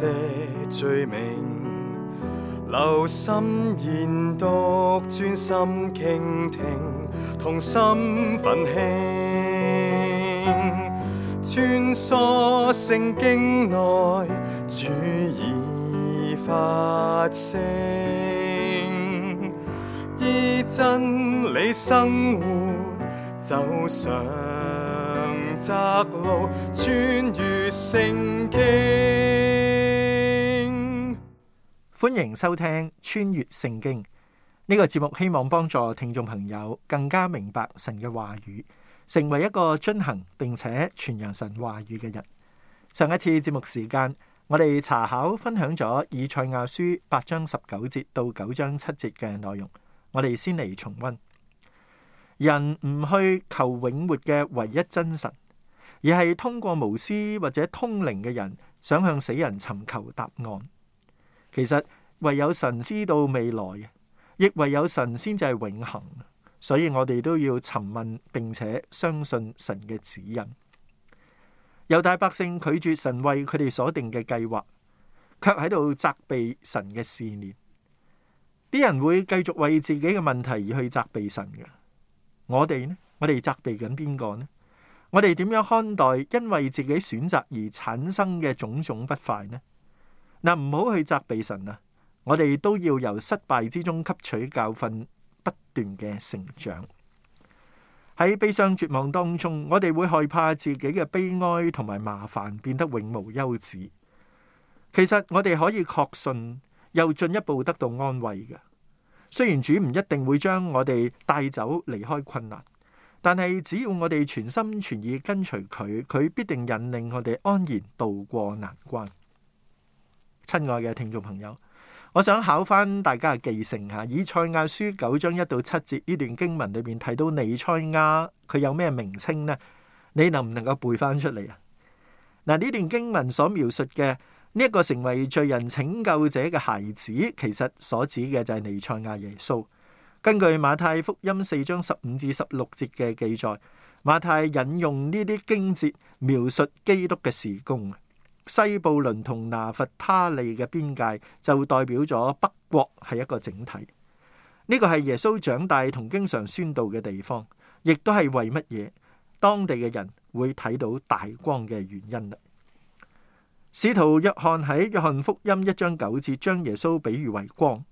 些罪名，留心研讀，專心傾聽，同心奮興，穿梭聖經內，主已發聲，依真理生活，走上窄路，穿越聖經。歡迎收聽穿越聖經呢個節目，希望幫助聽眾朋友更加明白神嘅話語，成為一個遵行並且傳揚神話語嘅人。上一次節目時間，我哋查考分享咗以賽亞書八章十九節到九章七節嘅內容，我哋先嚟重溫。人唔去求永活嘅唯一真神，而係通過巫師或者通靈嘅人，想向死人尋求答案。其實唯有神知道未來，亦唯有神先至係永恒。所以我哋都要詢問並且相信神嘅指引。猶大百姓拒絕神為佢哋所定嘅計劃，卻喺度責備神嘅事念。啲人會繼續為自己嘅問題而去責備神嘅。我哋呢？我哋責備緊邊個呢？我哋點樣看待因為自己選擇而產生嘅種種不快呢？嗱，唔好去責備神啊！我哋都要由失敗之中吸取教訓，不斷嘅成長。喺悲傷絕望當中，我哋會害怕自己嘅悲哀同埋麻煩變得永無休止。其實我哋可以確信，又進一步得到安慰嘅。雖然主唔一定會將我哋帶走離開困難，但係只要我哋全心全意跟隨佢，佢必定引領我哋安然度過難關。親愛嘅聽眾朋友，我想考翻大家嘅記性吓，《以賽亞書》九章一到七節呢段經文裏邊提到彌賽亞，佢有咩名稱呢？你能唔能夠背翻出嚟啊？嗱，呢段經文所描述嘅呢一個成為罪人拯救者嘅孩子，其實所指嘅就係彌賽亞耶穌。根據馬太福音四章十五至十六節嘅記載，馬太引用呢啲經節描述基督嘅事工。西布倫同拿弗他利嘅邊界就代表咗北國係一個整體，呢個係耶穌長大同經常宣道嘅地方，亦都係為乜嘢當地嘅人會睇到大光嘅原因啦。使徒約翰喺約翰福音一章九節將耶穌比喻為光，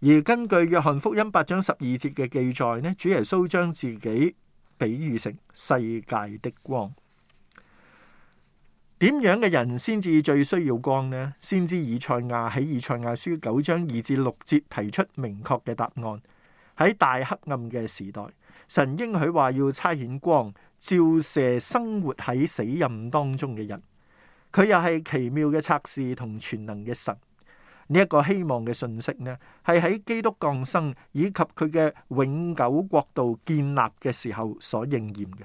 而根據約翰福音八章十二節嘅記載呢，主耶穌將自己比喻成世界的光。點樣嘅人先至最需要光呢？先知以賽亞喺以賽亞書九章二至六節提出明確嘅答案。喺大黑暗嘅時代，神應許話要差遣光照射生活喺死蔭當中嘅人。佢又係奇妙嘅測試同全能嘅神。呢一個希望嘅信息呢，係喺基督降生以及佢嘅永久國度建立嘅時候所應驗嘅。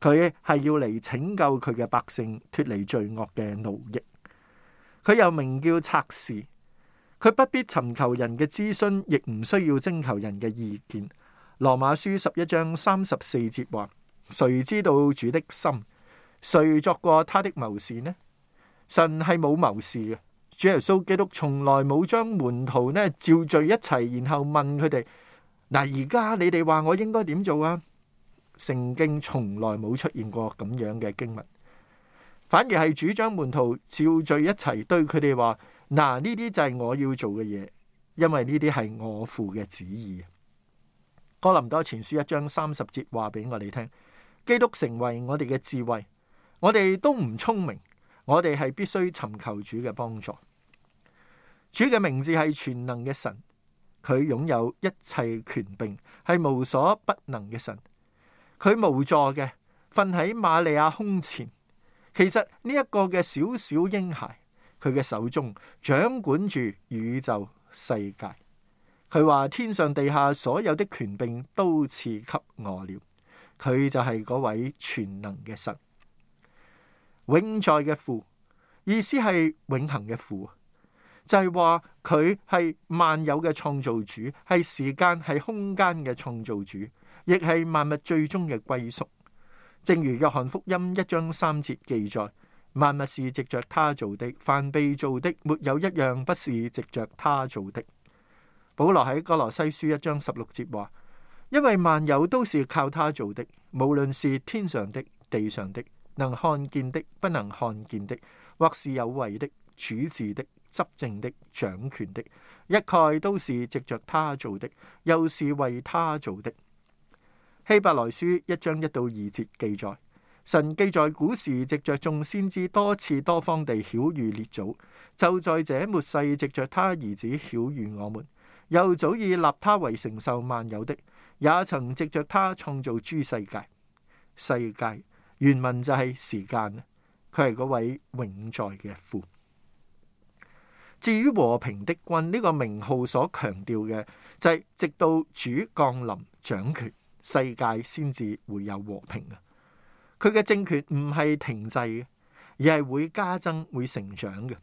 佢係要嚟拯救佢嘅百姓脫離罪惡嘅奴役。佢又名叫策士。佢不必尋求人嘅諮詢，亦唔需要徵求人嘅意見。羅馬書十一章三十四節話：「誰知道主的心？誰作過他的謀士呢？」神係冇謀士嘅。主耶穌基督從來冇將門徒呢召聚一齊，然後問佢哋：「嗱，而家你哋話我應該點做啊？」聖經從來冇出現過咁樣嘅經文，反而係主將門徒召聚一齊，對佢哋話：嗱，呢啲就係我要做嘅嘢，因為呢啲係我父嘅旨意。哥林多前書一章三十節，話俾我哋聽：基督成為我哋嘅智慧，我哋都唔聰明，我哋係必須尋求主嘅幫助。主嘅名字係全能嘅神，佢擁有一切權柄，係無所不能嘅神。佢無助嘅，瞓喺瑪利亞胸前。其實呢一個嘅小小嬰孩，佢嘅手中掌管住宇宙世界。佢話天上地下所有的權柄都賜給我了。佢就係嗰位全能嘅神，永在嘅父，意思係永恆嘅父，就係話佢係萬有嘅創造主，係時間係空間嘅創造主。亦係萬物最終嘅歸宿，正如約翰福音一章三節記載：萬物是藉着他做的，凡被做的，沒有一樣不是藉着他做的。保羅喺哥羅西書一章十六節話：因為萬有都是靠他做的，無論是天上的、地上的，能看見的、不能看見的，或是有位的、主治的、執政的、掌權的，一概都是藉着他做的，又是為他做的。希伯來書一章一到二節記載，神記在古時，藉着眾先知多次多方地曉諭列祖。就在這末世，藉着他兒子曉諭我們，又早已立他為承受萬有的，也曾藉着他創造諸世界。世界原文就係時間，佢係嗰位永在嘅父。至於和平的君呢，這個名號所強調嘅就係、是、直到主降臨掌權。世界先至會有和平嘅，佢嘅政權唔係停滯嘅，而係會加增會成長嘅。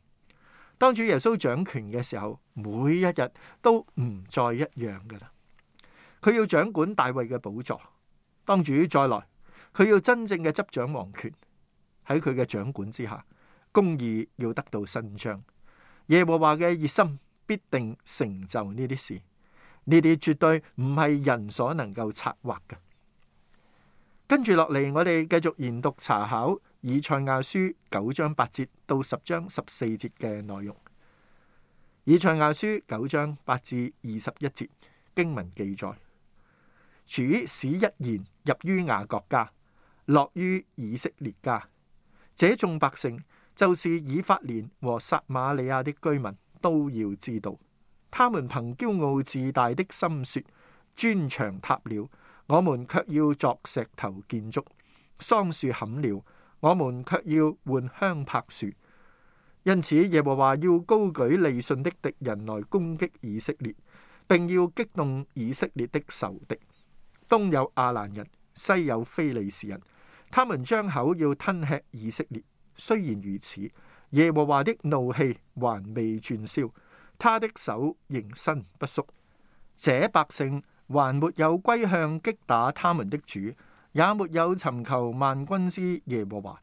當主耶穌掌權嘅時候，每一日都唔再一樣噶啦。佢要掌管大衛嘅寶座，當主再來，佢要真正嘅執掌王權。喺佢嘅掌管之下，公義要得到伸張，耶和華嘅熱心必定成就呢啲事。呢啲絕對唔係人所能夠策劃嘅。跟住落嚟，我哋繼續研讀查考以賽亞書九章八節到十章十四節嘅內容。以賽亞書九章八至二十一節經文記載：主使一言入於雅各家，落於以色列家。這眾百姓，就是以法蓮和撒瑪利亞的居民，都要知道。他們憑驕傲自大的心說：磚牆塌了，我們卻要鑿石頭建築；桑樹砍了，我們卻要換香柏樹。因此，耶和華要高舉利汛的敵人來攻擊以色列，並要激動以色列的仇敵。東有亞蘭人，西有非利士人，他們張口要吞吃以色列。雖然如此，耶和華的怒氣還未轉消。他的手仍伸不縮，這百姓還沒有歸向擊打他們的主，也沒有尋求萬軍之耶和華。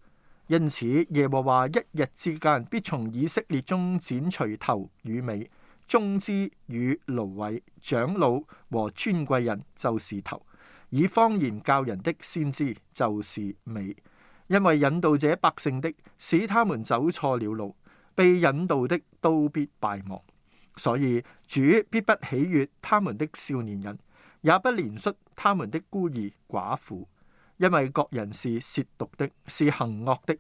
因此，耶和華一日之間必從以色列中剪除頭與尾，棕枝與蘆葦，長老和尊貴人就是頭，以方言教人的先知就是尾，因為引導這百姓的使他們走錯了路，被引導的都必敗亡。所以主必不喜悅他們的少年人，也不憐恤他們的孤兒寡婦，因為各人是褻瀆的，是行惡的，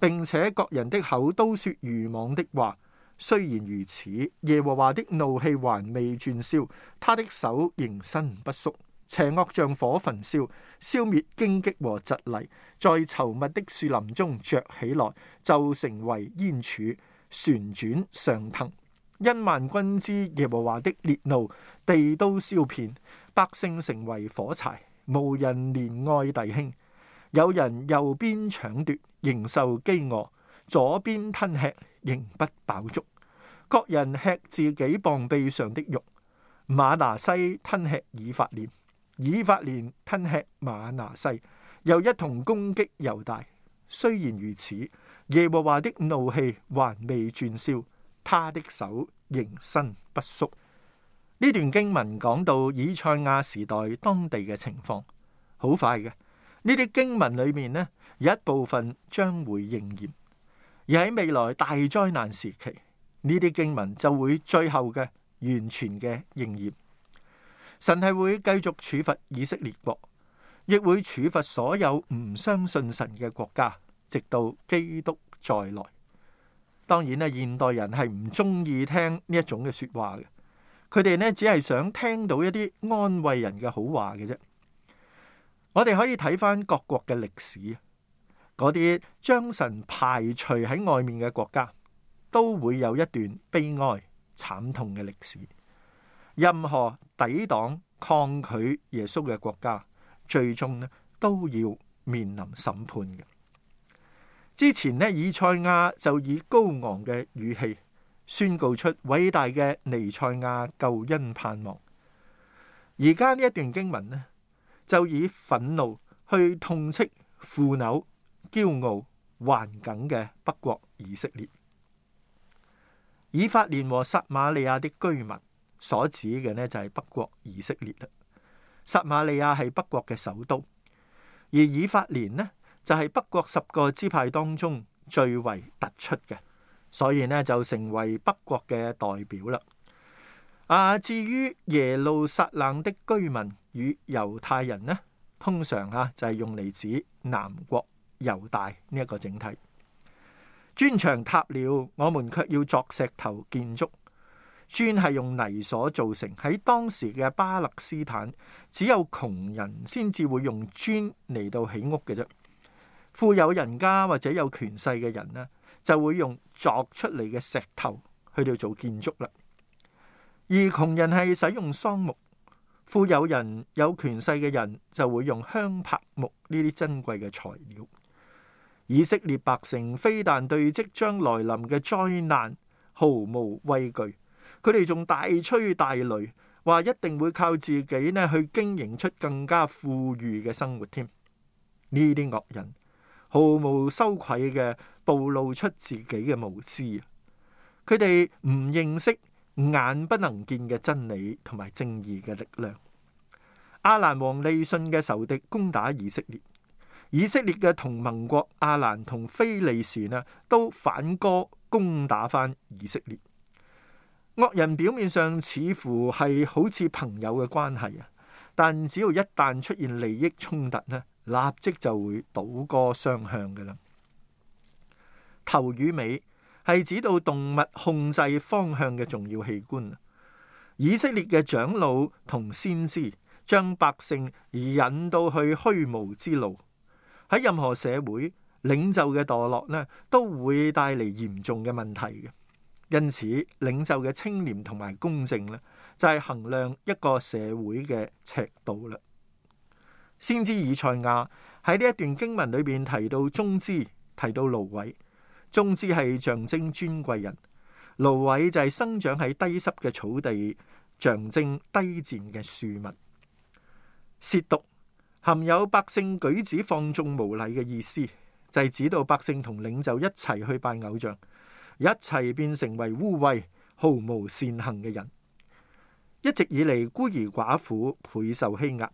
並且各人的口都說愚妄的話。雖然如此，耶和華的怒氣還未轉消，他的手仍伸不縮，邪惡像火焚燒，消滅荊棘和蒺藜，在稠密的樹林中着起來，就成為煙柱，旋轉上騰。因萬軍之耶和華的烈怒，地都燒遍，百姓成為火柴，無人憐愛弟兄。有人右邊搶奪，仍受饑餓；左邊吞吃，仍不飽足。各人吃自己膀臂上的肉。馬拿西吞吃以法蓮，以法蓮吞吃馬拿西，又一同攻擊猶大。雖然如此，耶和華的怒氣還未轉消。他的手仍伸不縮。呢段經文講到以賽亞時代當地嘅情況，好快嘅。呢啲經文裏面呢，有一部分將會應驗，而喺未來大災難時期，呢啲經文就會最後嘅完全嘅應驗。神係會繼續處罰以色列國，亦會處罰所有唔相信神嘅國家，直到基督再來。當然咧，現代人係唔中意聽呢一種嘅説話嘅。佢哋呢，只係想聽到一啲安慰人嘅好話嘅啫。我哋可以睇翻各國嘅歷史，嗰啲將神排除喺外面嘅國家，都會有一段悲哀慘痛嘅歷史。任何抵擋抗拒耶穌嘅國家，最終咧都要面臨審判嘅。之前呢，以賽亞就以高昂嘅語氣宣告出偉大嘅彌賽亞救恩盼望。而家呢一段經文呢，就以憤怒去痛斥腐朽、驕傲、頑梗嘅北國以色列。以法蓮和撒瑪利亞的居民所指嘅呢，就係、是、北國以色列啦。撒瑪利亞係北國嘅首都，而以法蓮呢？就係北國十個支派當中最為突出嘅，所以呢，就成為北國嘅代表啦。啊，至於耶路撒冷的居民與猶太人呢，通常啊就係用嚟指南國猶大呢一個整體。磚牆塌了，我們卻要作石頭建築，磚係用泥所造成。喺當時嘅巴勒斯坦，只有窮人先至會用磚嚟到起屋嘅啫。富有人家或者有權勢嘅人呢，就會用鑿出嚟嘅石頭去到做建築啦。而窮人係使用桑木，富有人有權勢嘅人就會用香柏木呢啲珍貴嘅材料。以色列百姓非但對即將來臨嘅災難毫無畏懼，佢哋仲大吹大擂，話一定會靠自己咧去經營出更加富裕嘅生活添。呢啲惡人。毫無羞愧嘅，暴露出自己嘅無知。佢哋唔認識眼不能見嘅真理同埋正義嘅力量。亞蘭王利汛嘅仇敵攻打以色列，以色列嘅同盟國亞蘭同非利士呢都反戈攻打翻以色列。惡人表面上似乎係好似朋友嘅關係啊，但只要一旦出現利益衝突呢，立即就會倒戈相向嘅啦。頭與尾係指到動物控制方向嘅重要器官。以色列嘅長老同先知將百姓而引到去虛無之路。喺任何社會，領袖嘅墮落呢都會帶嚟嚴重嘅問題嘅。因此，領袖嘅清廉同埋公正呢，就係衡量一個社會嘅尺度啦。先知以賽亞喺呢一段經文裏邊提到，棕枝提到，棕枝提到蘆葦，棕枝係象徵尊貴人；蘆葦就係生長喺低濕嘅草地，象徵低賤嘅庶民。洩毒「褻瀆含有百姓舉止放縱無禮嘅意思，就係、是、指到百姓同領袖一齊去拜偶像，一齊變成為污穢、毫無善行嘅人。一直以嚟，孤兒寡婦倍受欺壓。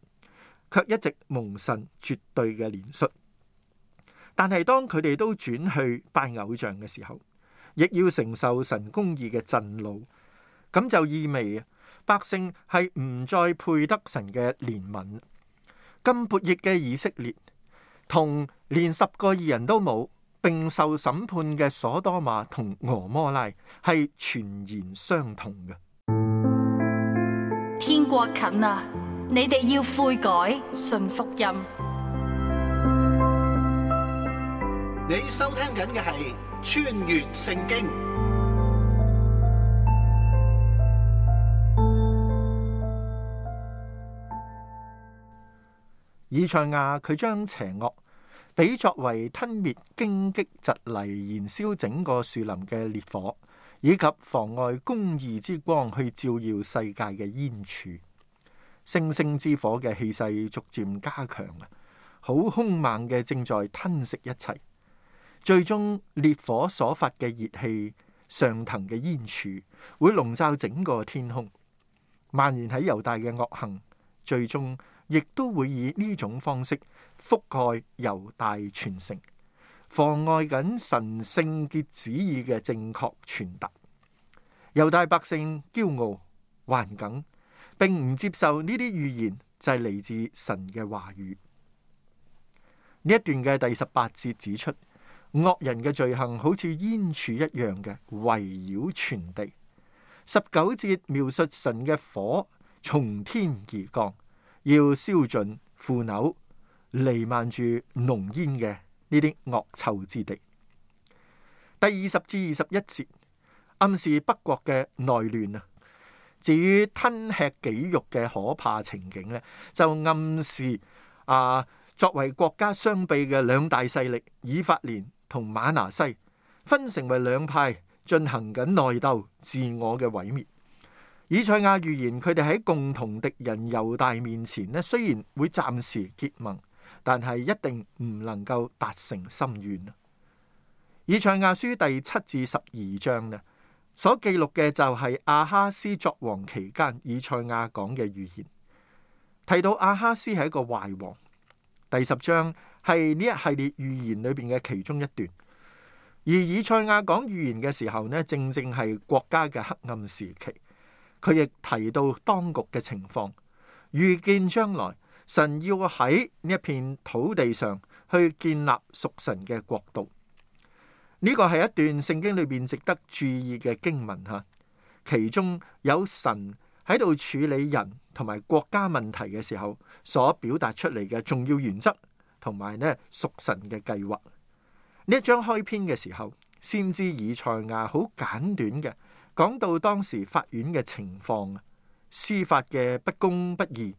卻一直蒙神絕對嘅憐恤，但係當佢哋都轉去拜偶像嘅時候，亦要承受神公義嘅震怒，咁就意味百姓係唔再配得神嘅憐憫。咁悖逆嘅以色列，同連十個義人都冇，並受審判嘅所多瑪同俄摩拉，係全然相同嘅。天國近啊！你哋要悔改，信福音。你收聽緊嘅係《穿越聖經》。以賽亞佢將邪惡比作為吞滅、荊棘、蒺藜、燃燒整個樹林嘅烈火，以及妨礙公義之光去照耀世界嘅煙柱。星星之火嘅氣勢逐漸加強，好凶猛嘅正在吞噬一切。最終，烈火所發嘅熱氣上騰嘅煙柱會籠罩整個天空，蔓延喺猶大嘅惡行，最終亦都會以呢種方式覆蓋猶大全城，妨礙緊神聖嘅旨意嘅正確傳達。猶大百姓驕傲、頑梗。並唔接受呢啲預言就係嚟自神嘅話語。呢一段嘅第十八節指出，惡人嘅罪行好似煙柱一樣嘅圍繞全地。十九節描述神嘅火從天而降，要燒盡腐朽、彌漫住濃煙嘅呢啲惡臭之地。第二十至二十一節暗示北國嘅內亂啊。至於吞吃己肉嘅可怕情景呢，就暗示啊，作為國家雙臂嘅兩大勢力，以法蓮同瑪拿西，分成為兩派進行緊內鬥，自我嘅毀滅。以賽亞預言佢哋喺共同敵人猶大面前呢，雖然會暫時結盟，但係一定唔能夠達成心願。以賽亞書第七至十二章咧。所記錄嘅就係亞哈斯作王期間，以賽亞講嘅預言，提到亞哈斯係一個壞王。第十章係呢一系列預言裏邊嘅其中一段，而以賽亞講預言嘅時候呢，正正係國家嘅黑暗時期，佢亦提到當局嘅情況，預見將來神要喺呢一片土地上去建立屬神嘅國度。呢個係一段聖經裏邊值得注意嘅經文吓，其中有神喺度處理人同埋國家問題嘅時候所表達出嚟嘅重要原則，同埋咧屬神嘅計劃。呢一章開篇嘅時候，先知以賽亞好簡短嘅講到當時法院嘅情況啊，司法嘅不公不義，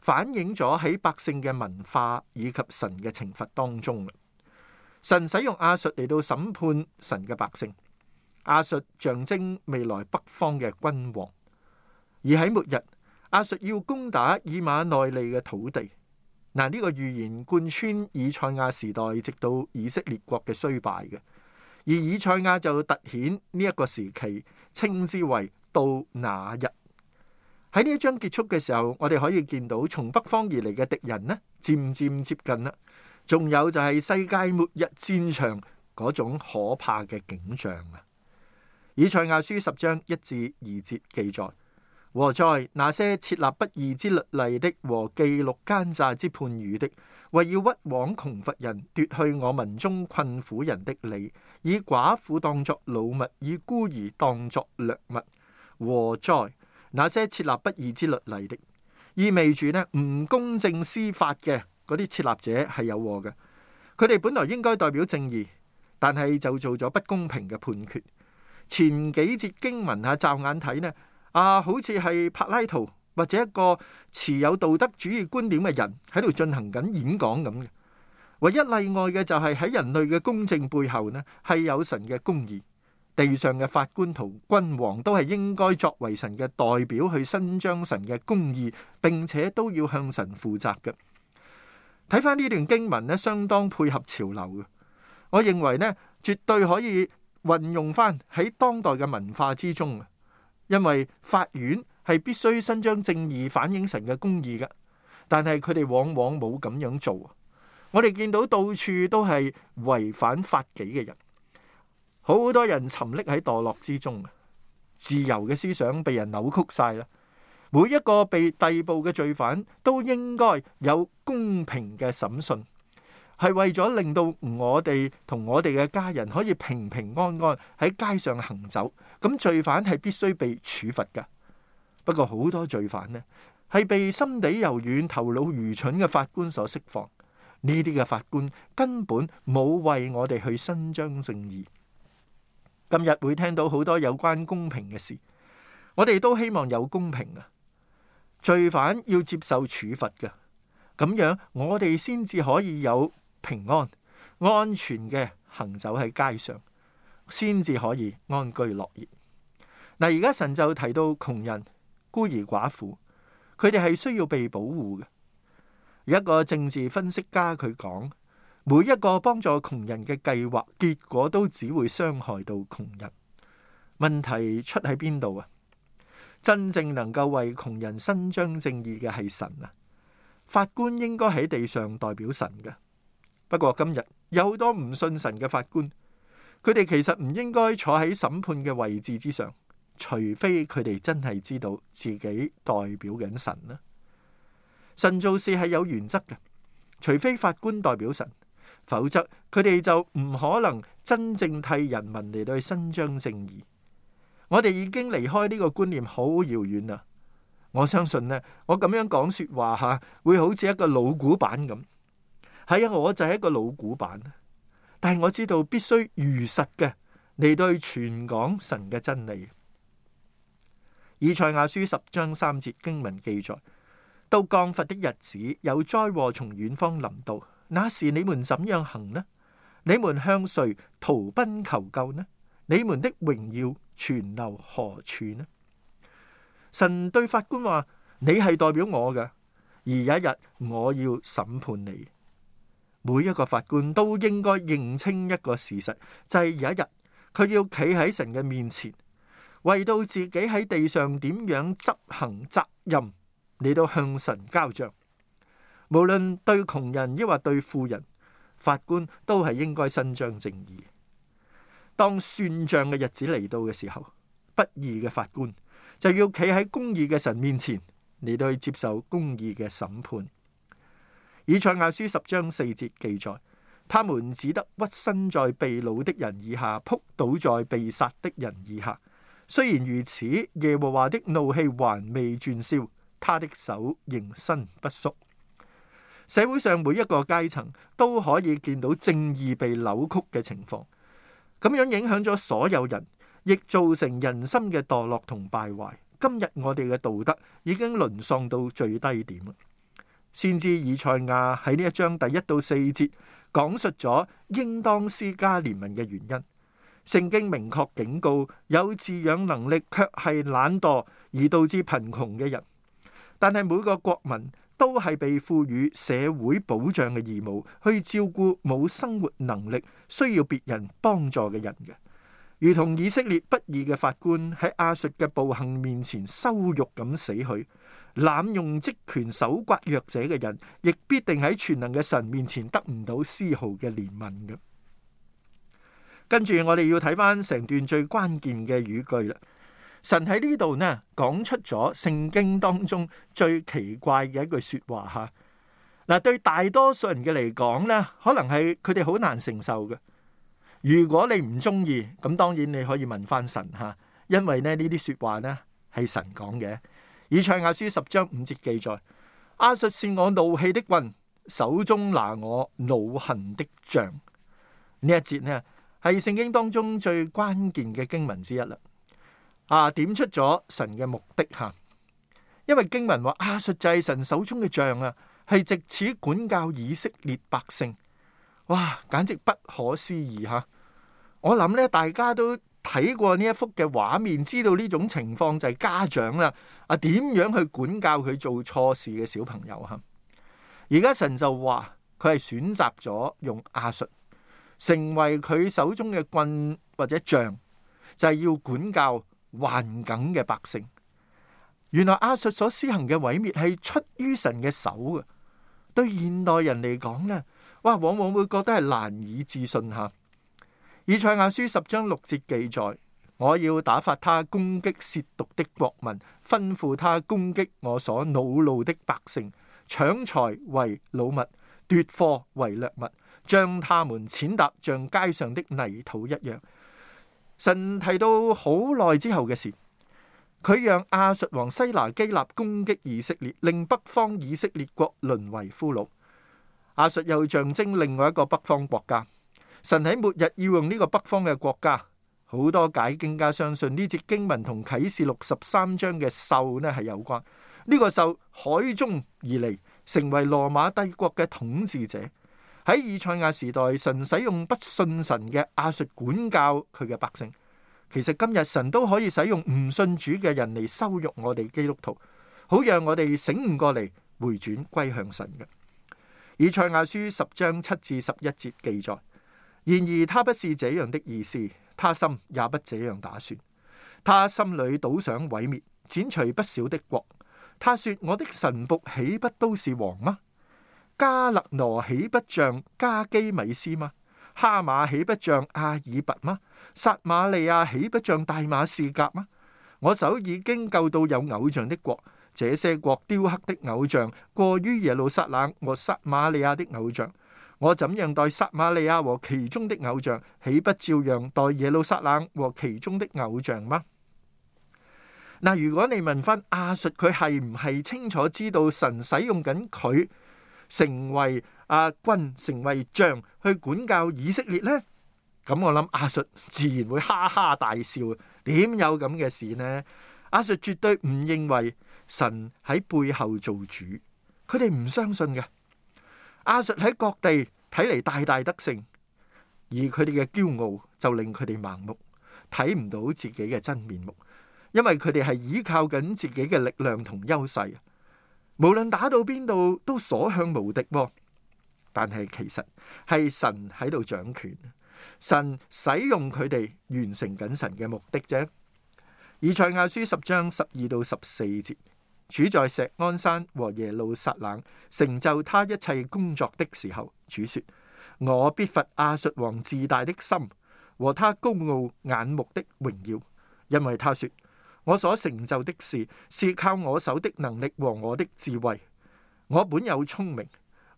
反映咗喺百姓嘅文化以及神嘅懲罰當中啦。神使用亞述嚟到審判神嘅百姓，亞述象徵未來北方嘅君王，而喺末日，亞述要攻打以馬內利嘅土地。嗱、這、呢個預言貫穿以賽亞時代，直到以色列國嘅衰敗嘅，而以賽亞就突顯呢一個時期，稱之為到那日。喺呢一章結束嘅時候，我哋可以見到從北方而嚟嘅敵人呢，漸漸接近啦。仲有就係世界末日戰場嗰種可怕嘅景象啊！以賽亞書十章一至二節記載：禍哉那些設立不義之律例的和記錄奸詐之判語的，為要屈枉窮乏人，奪去我民中困苦人的理，以寡婦當作擄物，以孤兒當作掠物。禍哉那些設立不義之律例的，意味住呢唔公正司法嘅。嗰啲設立者係有禍嘅，佢哋本來應該代表正義，但係就做咗不公平嘅判決。前幾節經文啊，驟眼睇呢啊，好似係柏拉圖或者一個持有道德主義觀點嘅人喺度進行緊演講咁嘅。唯一例外嘅就係喺人類嘅公正背後呢，係有神嘅公義。地上嘅法官同君王都係應該作為神嘅代表去伸張神嘅公義，並且都要向神負責嘅。睇翻呢段經文咧，相當配合潮流嘅。我認為呢，絕對可以運用翻喺當代嘅文化之中嘅，因為法院係必須伸張正義、反映神嘅公義嘅，但係佢哋往往冇咁樣做。我哋見到到處都係違反法紀嘅人，好多人沉溺喺墮落之中，自由嘅思想被人扭曲晒啦～每一個被逮捕嘅罪犯都應該有公平嘅審訊，係為咗令到我哋同我哋嘅家人可以平平安安喺街上行走。咁罪犯係必須被處罰㗎。不過好多罪犯呢係被心地柔軟、頭腦愚蠢嘅法官所釋放。呢啲嘅法官根本冇為我哋去伸張正義。今日會聽到好多有關公平嘅事，我哋都希望有公平啊！罪犯要接受處罰嘅，咁樣我哋先至可以有平安、安全嘅行走喺街上，先至可以安居樂業。嗱，而家神就提到窮人、孤兒寡婦，佢哋係需要被保護嘅。一個政治分析家佢講，每一個幫助窮人嘅計劃，結果都只會傷害到窮人。問題出喺邊度啊？真正能夠為窮人伸張正義嘅係神啊！法官應該喺地上代表神嘅。不過今日有好多唔信神嘅法官，佢哋其實唔應該坐喺審判嘅位置之上，除非佢哋真係知道自己代表緊神啦啊。神做事係有原則嘅，除非法官代表神，否則佢哋就唔可能真正替人民嚟到去伸張正義。我哋已經離開呢個觀念好遙遠啦。我相信呢，我咁樣講說話吓，會好似一個老古板咁。係啊，我就係一個老古板，但係我知道必須如實嘅嚟對全港神嘅真理。以賽亞書十章三節經文記載：到降罰的日子，有災禍從遠方臨到，那時你們怎樣行呢？你們向誰逃奔求救呢？你們的榮耀？存留何處呢？神對法官話：你係代表我嘅，而有一日我要審判你。每一個法官都應該認清一個事實，就係有一日佢要企喺神嘅面前，為到自己喺地上點樣執行責任嚟到向神交賬。無論對窮人抑或對富人，法官都係應該伸張正義。當算賬嘅日子嚟到嘅時候，不義嘅法官就要企喺公義嘅神面前嚟到去接受公義嘅審判。以賽亞書十章四節記載，他們只得屈身在被老的人以下，仆倒在被殺的人以下。雖然如此，耶和華的怒氣還未轉消，他的手仍身不縮。社會上每一個階層都可以見到正義被扭曲嘅情況。咁樣影響咗所有人，亦造成人心嘅墮落同敗壞。今日我哋嘅道德已經淪喪到最低點啦。先知以賽亞喺呢一章第一到四節講述咗應當施加憐憫嘅原因。聖經明確警告有自養能力卻係懶惰而導致貧窮嘅人，但係每個國民，都係被賦予社會保障嘅義務，去照顧冇生活能力、需要別人幫助嘅人嘅。如同以色列不義嘅法官喺亞述嘅暴行面前羞辱咁死去，濫用職權、搜刮弱者嘅人，亦必定喺全能嘅神面前得唔到絲毫嘅憐憫嘅。跟住我哋要睇翻成段最關鍵嘅語句啦。神喺呢度呢，講出咗聖經當中最奇怪嘅一句說話吓。嗱、啊，對大多數人嘅嚟講呢，可能係佢哋好難承受嘅。如果你唔中意，咁當然你可以問翻神吓、啊，因為呢呢啲說話呢係神講嘅。以賽亞書十章五節記載：亞、啊，述是我怒氣的棍，手中拿我怒恨的杖。呢一節呢係聖經當中最關鍵嘅經文之一啦。啊！點出咗神嘅目的吓、啊，因為經文話亞述、啊、就係神手中嘅杖，啊，係借此管教以色列百姓。哇，簡直不可思議吓、啊！我諗咧，大家都睇過呢一幅嘅畫面，知道呢種情況就係家長啦。啊，點樣去管教佢做錯事嘅小朋友吓？而、啊、家神就話佢係選擇咗用亞述成為佢手中嘅棍或者杖，就係、是、要管教。患梗嘅百姓，原來亞述所施行嘅毀滅係出於神嘅手啊！對現代人嚟講呢哇，往往會覺得係難以置信吓。以賽亞書十章六節記載：我要打發他攻擊褻瀆的國民，吩咐他攻擊我所惱怒的百姓，搶財為擄物，奪貨為掠物，將他們踐踏像街上的泥土一樣。神提到好耐之後嘅事，佢讓亞述王西拿基立攻擊以色列，令北方以色列國淪為俘虜。亞述又象徵另外一個北方國家。神喺末日要用呢個北方嘅國家，好多解經家相信呢節經文同啟示六十三章嘅獸呢係有關。呢、這個獸海中而嚟，成為羅馬帝國嘅統治者。喺以賽亞時代，神使用不信神嘅亞述管教佢嘅百姓。其實今日神都可以使用唔信主嘅人嚟羞辱我哋基督徒，好讓我哋醒悟過嚟，回轉歸向神嘅。以賽亞書十章七至十一節記載：然而他不是這樣的意思，他心也不這樣打算。他心裏倒想毀滅、剪除不少的國。他說：我的臣僕豈不都是王嗎？加勒挪豈不像加基米斯嗎？哈馬豈不像阿爾拔嗎？撒瑪利亞豈不像大馬士革嗎？我手已經夠到有偶像的國，這些國雕刻的偶像過於耶路撒冷和撒瑪利亞的偶像。我怎樣待撒瑪利亞和其中的偶像，豈不照樣待耶路撒冷和其中的偶像嗎？嗱，如果你問返亞述，佢係唔係清楚知道神使用緊佢？成為阿君，成為將去管教以色列呢？咁我諗亞述自然會哈哈大笑，點有咁嘅事呢？亞述絕對唔認為神喺背後做主，佢哋唔相信嘅。亞述喺各地睇嚟，大大得勝，而佢哋嘅驕傲就令佢哋盲目，睇唔到自己嘅真面目，因為佢哋係依靠緊自己嘅力量同優勢。無論打到邊度都所向無敵，啊，但係其實係神喺度掌權，神使用佢哋完成緊神嘅目的啫。以賽亞書十章十二到十四節，主在錫安山和耶路撒冷成就他一切工作的時候，主說：我必罰亞述王自大的心和他高傲眼目的榮耀，因為他說。我所成就的事是靠我手的能力和我的智慧。我本有聰明，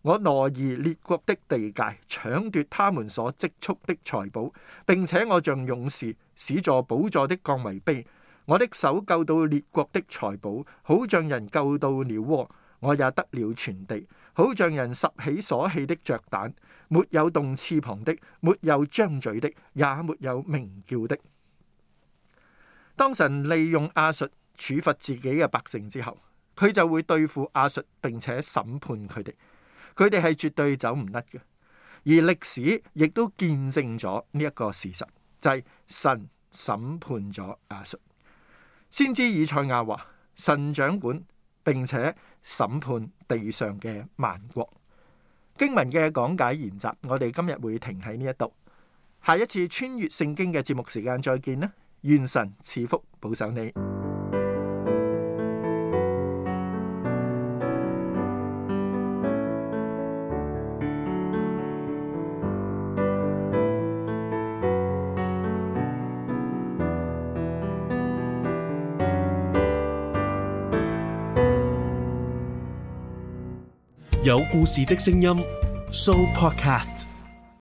我挪移列國的地界，搶奪他們所積蓄的財寶，並且我像勇士使坐寶座的降為卑。我的手救到列國的財寶，好像人救到鳥窩。我也得了全地，好像人拾起所棄的雀蛋。沒有動翅膀的，沒有張嘴的，也沒有鳴叫的。當神利用亞述處罰自己嘅百姓之後，佢就會對付亞述，並且審判佢哋。佢哋係絕對走唔甩嘅。而歷史亦都見證咗呢一個事實，就係神審判咗亞述。先知以賽亞話：神掌管，並且審判地上嘅萬國。經文嘅講解研習，我哋今日會停喺呢一度。下一次穿越聖經嘅節目時間再見啦！願神賜福、保守你。有故事的聲音，Sooopodcast。